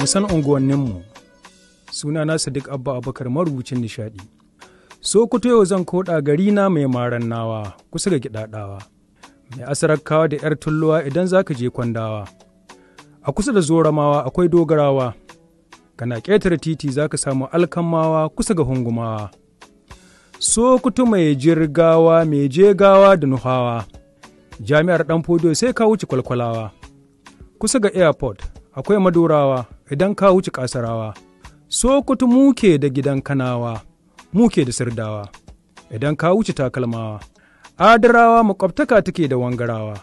musan unguwanninmu suna na sadiq abba Abubakar, marubucin nishadi sokoto yau zan koda gari na mai maran nawa kusa ga gidadawa mai asarakawa da yar tulluwa idan zaka je kwandawa a kusa da zoramawa akwai dogarawa kana ƙetare titi zaka samu alkamawa kusa ga hungumawa sokutu mai jirgawa mai jegawa da nuhawa jami'ar ɗan fodo sai ka wuce kwalkwalawa kusa ga airport akwai madurawa idan ka wuce kasarawa kutu muke da gidan kanawa muke da sirdawa idan ka wuce takalmawa adarawa makwabtaka take da wangarawa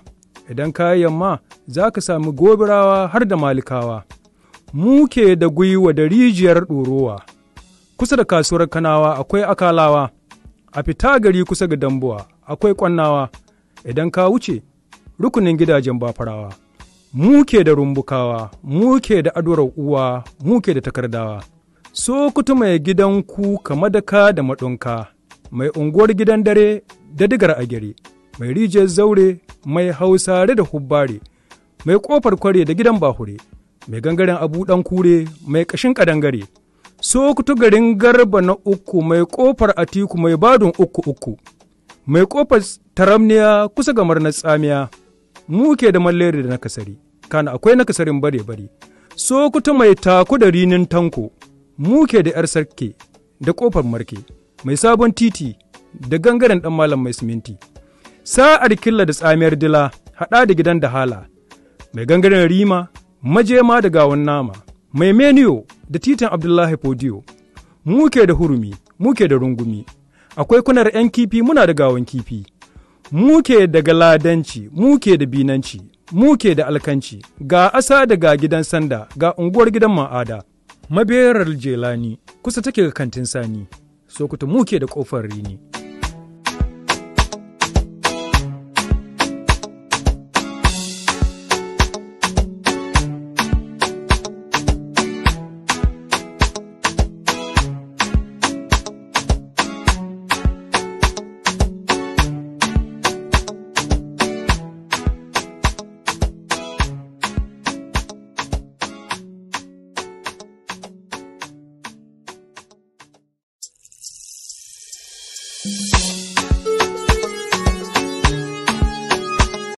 idan ka yamma za ka sami gobirawa har da malikawa muke da gwiwa da rijiyar ɗorowa kusa da kasuwar kanawa akwai akalawa a fita gari kusa ga dambuwa akwai ƙwannawa idan ka wuce rukunin gidajen bafarawa muke da rumbukawa muke da adorar uwa muke da takardawa kutu mai gidan ku madaka da maɗonka mai unguwar gidan dare da digar a gari mai rijiyar zaure mai hausare da hubbare mai ƙofar kware da gidan bahure mai gangaren abu ɗan kure mai ƙashin ƙadangare Sokoto garin Garba na uku mai ƙofar Atiku mai badun uku uku, mai ƙofar taramniya kusa ga na tsamiya, muke da malleri da nakasari, kana akwai nakasarin bare bare. Sokoto mai taku da rinin tanko, muke da ‘yar sarki da ƙofar marke, mai sabon titi da gangaren ɗan malam mai siminti. Sa'ar killa da tsamiyar dila, haɗa da gidan da hala, mai gangaren rima, majema da gawan nama, mai meniyo da titin Abdullahi Fodiyo. Muke da hurumi, muke da rungumi, akwai kunar ‘yan kifi muna da gawon kifi, muke da galadanci, muke da binanci, muke da alkanci, ga asa da ga gidan sanda, ga unguwar gidan ma'ada, maberar jelani, kusa take ga kantin sani, sokuta muke da ƙofar rini. Thank you.